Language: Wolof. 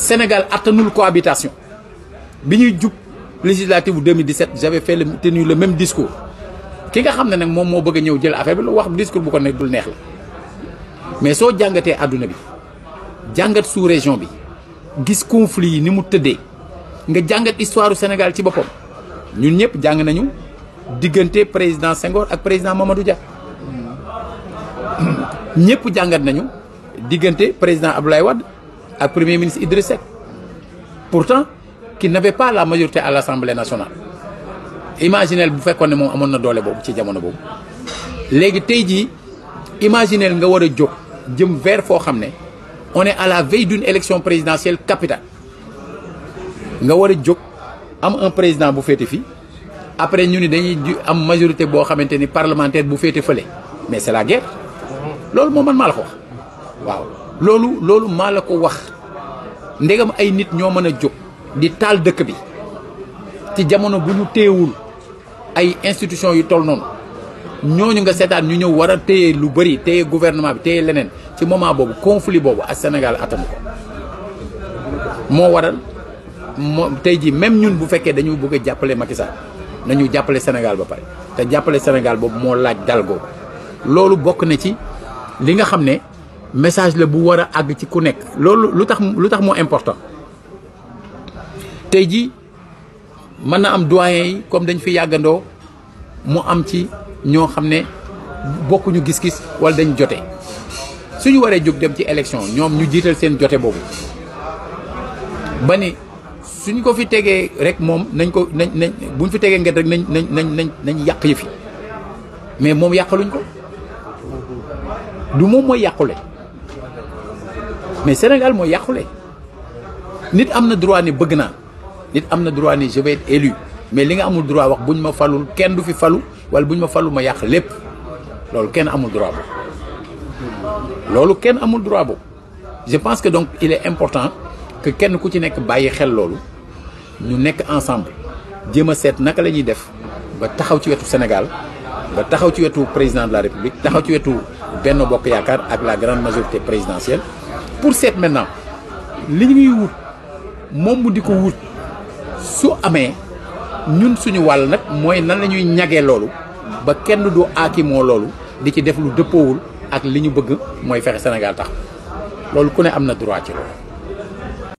Sénégal la cohabitation a fait la législative 2017 j'avais fait le tenu le même discours ki nga xam ne bëgg lu discours Mais ko ne dul neex la mais sous région bi gis conflit yi ni mu nga histoire du Sénégal ci bopom ñun ñëpp nañu président Senghor ak président Mamadou Dia ñëpp jangat nañu président Abdoulaye le Premier ministre Idriss Pourtant, qu'il n'avait pas la majorité à l'Assemblée nationale. Imaginez, le bouffet qu'on a mon doole bobu ci jamono mon Légui tay imaginez nga wara jog jëm vers fo xamné on est à la veille d'une élection présidentielle capitale. Nga wara jog am un président bu fété après nous y dañuy une majorité bo xamanteni parlementaire bu fété Mais c'est la guerre. C'est le moment mala waaw lolo nous avons ko wax ndegam ay nit ñoo mëna di tal bi ci jamono bu ñu téewul ay institution yu toll non ñooñu nga sétane ñu lu gouvernement bi ci moment conflit bobu Sénégal Nous ko Mo waral même ñun bu dañu bëgg Macky Sall nañu Sénégal ba paré te nous Sénégal bobu mo laaj dal bokk na ci message le bu war a ci ku nek loolu lutax lutax mo important tayji man na am doyen yi comme dañ fi yagando mo am ci ño xam bokku ñu gis-gis wala dañ joté suñu waree juk dem ci élection ñom ñu jital seen joté bobu bani suñ ko fi tegee rek mom nañ ko nañ buñ fi tegee ngeet rek nañ nañ nañ nañ nañ yàq yëf mais mom yaqaluñ ko du mom mooy yaqulé mais Sénégal mooy yàqule nit am na droit ne bëgg naa nit amna droit ni je vais être élu mais li nga amul droit wax buñ ma falul kenn du fi falu wala buñ ma falu ma yak lepp loolu kenn amul droit bo loolu kenn amul droit bo je pense que donc il est important que kenn ku ci nekk bayyi xel loolu ñu nekk ensemble jéem set seet naka la def ba taxaw ci wetu Sénégal ba taxaw ci wetu président de la République taxaw ci wetu benn Bokk Yaakaar ak la grande majorité présidentielle pour seet maintenant li ñuy wut moom mu di ko wut su amee ñun suñu wàll nag mooy nan la ñuy ñagee loolu ba kenn du aakimoo loolu di ci def lu dëppoowul ak li ñu bëgg mooy fexe Sénégal tax loolu ku ne am na droit ci loolu